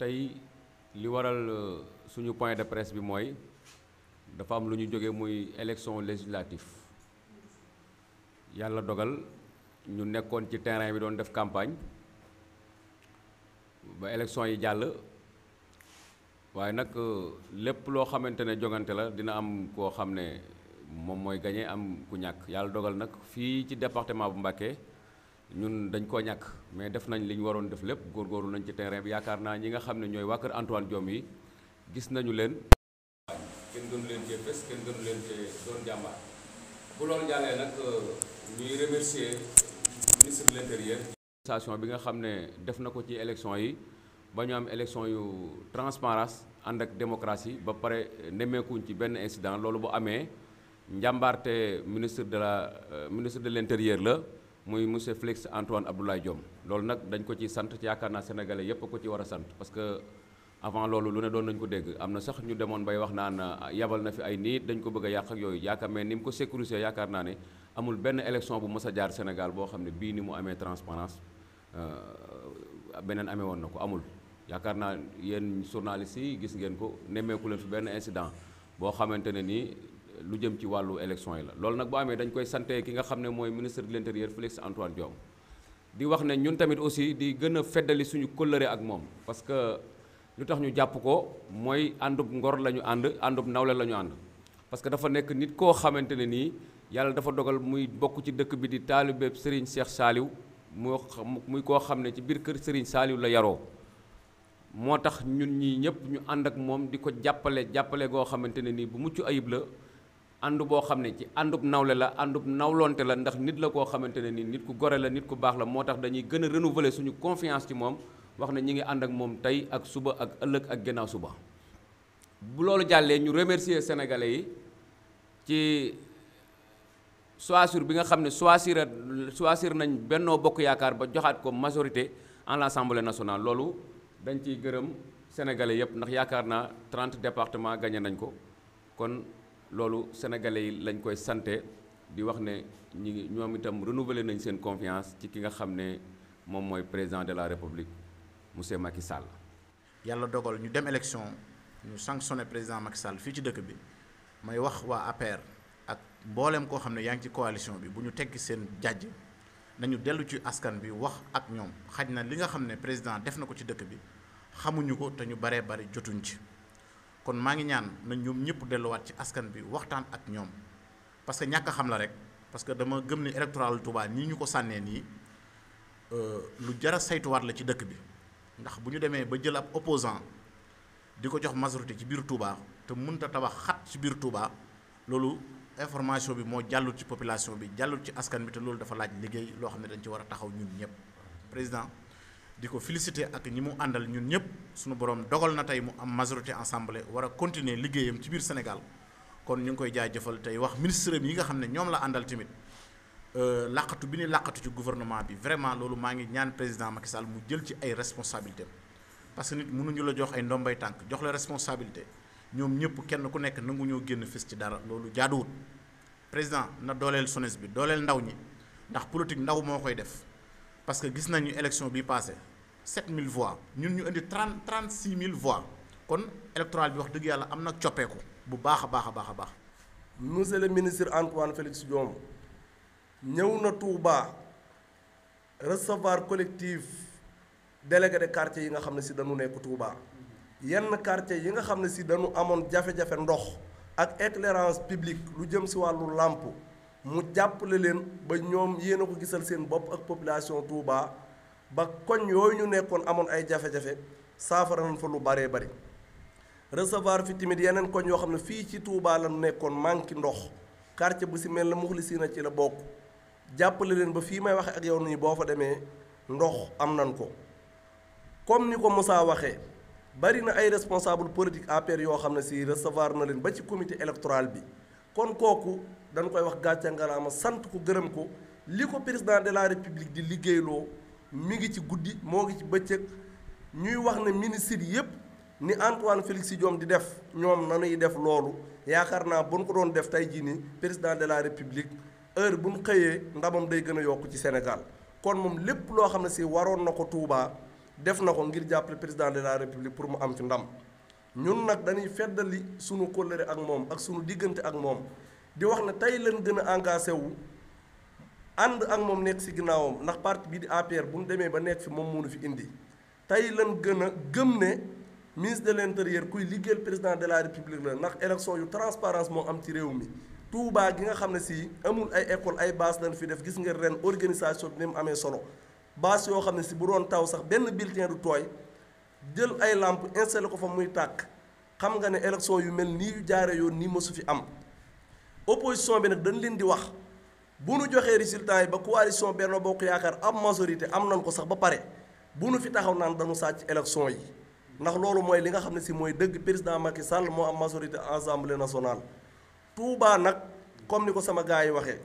tey li waral euh, suñu point de presse bi mooy dafa am lu ñu jóge muy élection législative yàlla dogal ñu nekkoon ci terrain bi doon def campagne ba élection yi jàll waaye nag euh, lépp loo xamante ne jogante la dina am koo xam ne moom mooy gañe am ku ñàkk yàlla dogal nag fii ci département bu Mbacké ñun dañ koo ñàkk mais def nañ li ñu waroon def lépp góorgóorlu nañ ci terrain bi yaakaar naa ñi nga xam ne ñooy waa kër Antoine Diome yi gis nañu leen. kenn gënu leen cee doon jàmbaar bu loolu jàllee nag euh, ñuy remercier ministre de l'intérieur. bi nga xam ne def na ko ci élection yi ba ñu am élection yu transparence ànd ak démocratie ba pare nemmeekuñ ci benn incident loolu bu amee njàmbaarte ministre de la euh, ministre de l'intérieur la. muy monsieur Félix Antoine Abdoulaye Diome loolu nag dañ ko ci sant yaakaar naa sénégalais yépp ko ci war a sant parce que avant loolu lu ne doon nañ ko dégg am na sax ñu demoon bay wax naan ah, yabal na fi ay nit dañ ko bëgg yàq ak yooyu yaakaar mais ni mu ko sécuriser yaakaar naa ne amul benn élection bu mës a jaar Sénégal boo xam ne bii ni mu amee transparence euh, beneen amee woon na ko amul yaakaar naa yéen journalistes yi gis ngeen ko nemmeeku leen fi benn incident boo xamante ne nii lu jëm ci wàllu élection yi la loolu nag bu amee dañ koy sante ki nga xam ne mooy ministre de l'intérieur Félix Antoine Diome di wax ne ñun tamit aussi di gën a feddali suñu kóllëre ak moom parce que lu tax ñu jàpp ko mooy àndub ngor la ñu ànd àndub nawle la ñu ànd parce que dafa nekk nit koo xamante ne nii yàlla dafa dogal muy bokk ci dëkk bi di taalibe Serigne Cheikh saaliw mu xam muy koo xam ne ci biir kër Serigne Saliou la yaroo moo tax ñun ñii ñëpp ñu ànd ak moom di ko jàppale jàppale goo xamante ne nii bu mucc ayib ànd boo xam ne ci àndub nawle la àndub nawlonte la ndax nit la koo xamante ne nii nit ku gore la nit ku baax la moo tax dañuy gën a renouveler suñu confiance ci moom wax na ñi ngi ànd ak moom tey ak suba ak ëllëg ak gannaaw suba. bu loolu jàllee ñu remercier sénégalais yi ci choisir bi nga xam ne choisir choisir nañ Benno Bokk Yaakaar ba joxaat ko majorité en l'Assemblée national loolu dañ ciy gërëm sénégalais yëpp ndax yaakaar naa 30 départements gagné nañ ko loolu sénégalais yi lañ koy sante di wax ne ñi ñoom itam renouveler nañ seen confiance ci ki nga xam ne moom mooy président de la république monsieur Macky Sall. yàlla dogal ñu dem élection ñu sanctionné président Macky Sall fii ci dëkk bi may wax waa APR ak mboolem koo xam ne yaa ngi ci coalition bi bu ñu tekki seen jàjj nañu dellu ci askan bi wax ak ñoom xaj na li nga xam ne président def na ko ci dëkk bi xamuñu ko te ñu baree bari jotuñ ci. kon maa ngi ñaan nañ ñoom ñëpp delluwaat ci askan bi waxtaan ak ñoom parce que ñàkk xam la rek parce que dama gëm ni électoral tubaa nii ñu ko sànnee nii euh, lu jara saytuwaat la ci dëkk bi ndax bu ñu demee ba jël ab opposant di ko jox masorité ci biir Touba te mënta tabax xat ci biir Touba loolu information bi moo jàllut ci population bi jàllut ci askan bi te loolu dafa laaj liggéey loo xam ne dañ ci war a taxaw ñun ñëpp président di ko félicité ak ñi mu àndal ñun ñëpp suñu borom dogal na tey mu am majorité assemblée war a continuer liggéeyam ci biir Sénégal kon ñu ngi koy jëfal tey wax ministre yi nga xam ne ñoom la àndal tamit euh, làqatu bi ni làqatu ci gouvernement bi vraiment loolu maa ngi ñaan président Macky Sall mu jël ci ay responsabilités parce que nit mënuñu la jox ay ndombay tànk jox la responsabilité ñoom ñëpp kenn ku nekk nangu ñoo génn fis ci dara loolu jaaduwut président na dooleel sones bi dooleel ndaw ñi ndax politique ndaw moo koy def parce que gis nañu élection bi passé mille voix ñun ñu indi 30 mille voix kon électoral bi wax dëgg yàlla am na coppeeku bu baax a baax a baax a baax. monsieur le ministre Antoine Félix Diome ñëw na Touba recevoir collective délégué de quartier yi nga xam ne si dañu nekk Touba yenn quartier yi nga xam ne si dañu amoon jafe-jafe ndox ak éclairance publique lu jëm si wàllu làmp mu jàppale leen ba ñoom yéen a ko gisal seen bopp ak population Touba. ba koñ yooyu ñu nekkoon amoon ay jafe-jafe saafara nañ fa lu baree bari resevoir fi tamit yeneen koñ yoo xam ne fii ci Touba la nekkoon manque ndox quartier bu si mel ne na ci la bokk jàppale leen ba fii may waxe ak yow nii boo fa demee ndox am nan ko comme ni ko Moussa waxee bari na ay responsable politique APR yoo xam ne si resevoir na leen ba ci comité électoral bi kon kooku dañ koy wax gàcce ngalaama sant ko gërëm ko li ko président de la république di liggéeyloo mu ngi ci guddi moo ngi ci bëccëg ñuy wax ne ministre yépp ni Antoine Félix Diome di def ñoom nanuy def loolu yaakaar naa bu ñu ko doon def tey jii nii président de la république heure bu ñu xëyee ndamam day gën a yokk ci Sénégal kon moom lépp loo xam ne si waroon na ko Touba def na ko ngir jàppale président de la république pour mu am ci ndam ñun nag dañuy feddali sunu kóllëre ak moom ak sunu diggante ak moom di wax ne tey leen gën a engagé wu. ànd ak moom nekk si ginnaawam ndax parti bii di APR bu ñu demee ba nekk fi moom moo fi indi tey lan gën a gëm ne ministre de l' intérieur kuy liggéeyal président de la république la ndax élection yu transparence moo am ci réew mi. Touba gi nga xam ne si amul ay école ay bâche lañ fi def gis nga ren organisation bi ni mu amee solo baas yoo xam ne si bu doon taw sax benn bulletin du tooy jël ay làmp installé ko fa muy tàkk xam nga ne élection yu mel nii yu jaaree yoon nii ma su fi am opposition bi nag dañ leen di wax. bu nu joxee résultat yi ba coalition Benno Bokk Yaakaar am majorité am nañ ko sax ba pare bu nu fi taxaw naan dañu sàcc élection yi ndax loolu mooy li nga xam ne si mooy dëgg président Macky Sall moo am majorité assemblée nationale. Touba nag comme ni ko sama gars yi waxee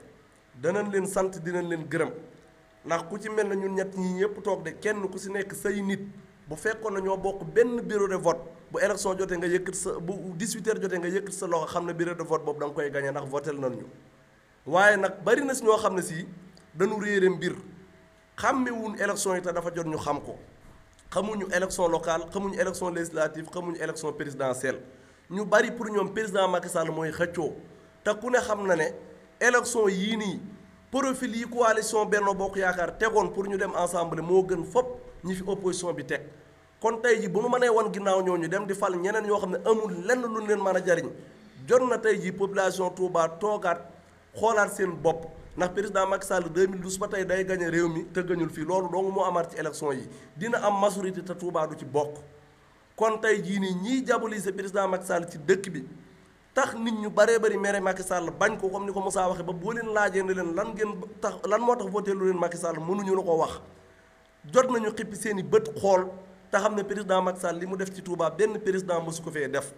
danañ leen sant dinañ leen gërëm ndax ku ci mel na ñun ñett ñi ñëpp toog de kenn ku si nekk say nit bu fekkoon na ñoo bokk benn bureau de vote bu élection jotee nga yëkkat sa bu 18h jotee nga yëkkat sa loxo xam ne bureau de vote boobu da nga koy nañ ñu. waaye nag bari na si ñoo xam ne si dañu réere mbir xàmmewuñ élection yi te dafa jot ñu xam ko xamuñu élection locale xamuñu élection législative xamuñu élection présidentielle ñu bari pour ñoom président Macky Sall mooy xëccoo te ku ne xam na ne élection yii nii profil yi coalition benn Bokk Yaakaar tegoon pour ñu dem ensemble moo gën fopp ñi fi opposition bi teg kon tey ji bu nu mënee wan ginnaaw ñu dem di fal ñeneen ñoo xam ne amul lenn lu leen mën a jariñ jot na tey ji population Touba toogaat xoolaat seen bopp ndax président Macky Sall 2012 ba tey day gañe réew mi te gañul fii loolu dong moo amaat ci élection yi dina am majorité te Touba du ci bokk kon tey jii nii ñiy diaboliser président Macky Sall ci dëkk bi tax nit ñu baree bari mere Macky Sall bañ ko comme ni ko Moussa waxee ba boo leen laajee ne leen lan ngeen tax lan moo tax voté lu leen Macky Sall mënuñu la ko wax jot nañu xippi seen i bët xool te xam ne président Macky Sall li mu def ci Touba benn président mosu ko fee def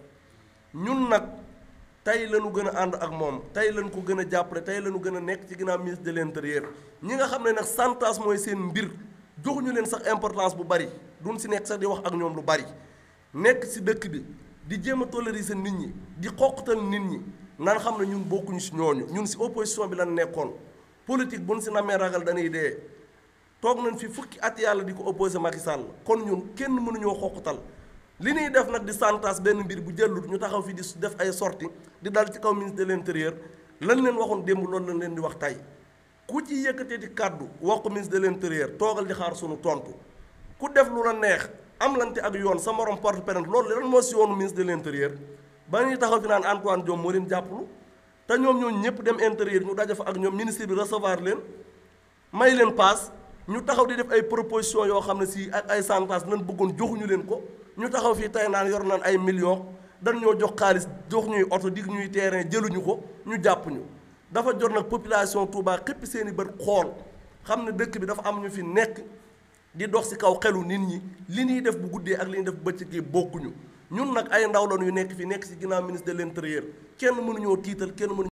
ñun nag. tey lañu gën a ànd ak moom tey lañ ko gën a jàppale tey lañu gën a nekk ci ginnaaw ministre de l'intérieur ñi nga xam ne nag santas mooy seen mbir joxuñu leen sax importance bu bari duñ si nekk sax di wax ak ñoom lu bari nekk si dëkk bi di jéem a tolériser nit ñi di xoqatal nit ñi nan xam ne ñun bokkuñu si ñooñu ñun si opposition bi lan nekkoon politique buñ si namee ragal dañuy dee toog nañ fi fukki at yàlla di ko opposé Macky kon ñun kenn mënuñoo xoqatal li ñuy def nag di santas benn mbir bu jëllut ñu taxaw fi di def ay sorti di dal ci kaw ministre de l'intérieur lan leen waxoon démb loolu lan leen di wax tey ku ci yëkkatee ci kàddu wax ko ministre de l'intérieur toogal di xaar sunu tontu ku def lu la neex am lante ak yoon sa morom porte plainte loolu lan moo si yoonu ministre de l'intérieur ba ñuy taxaw fi naan Antoine Diome moo leen jàppalu te ñoom ñoo ñëpp dem intérieur ñu daje fa ak ñoom ministre bi recevoir leen may leen paas ñu taxaw di def ay proposition yoo xam ne si ak ay santas lan bëggoon joxuñu leen ko ñu taxaw fii tey naan yor naan ay millions dañ ñoo jox xaalis jox ñuy oto dig ñuy terrain jëluñu ko ñu jàpp ñu dafa jot nag population Touba xëpp seen i bët xool xam ne dëkk bi dafa am ñu fi nekk di dox ci kaw xelu nit ñi li ñuy def bu guddee ak li ñuy def bëccëg yi bokkuñu ñun nag ay ndaw la ñu nekk fi nekk ci ginnaaw ministre de l'intérieur kenn mënuñoo tiital kenn mënu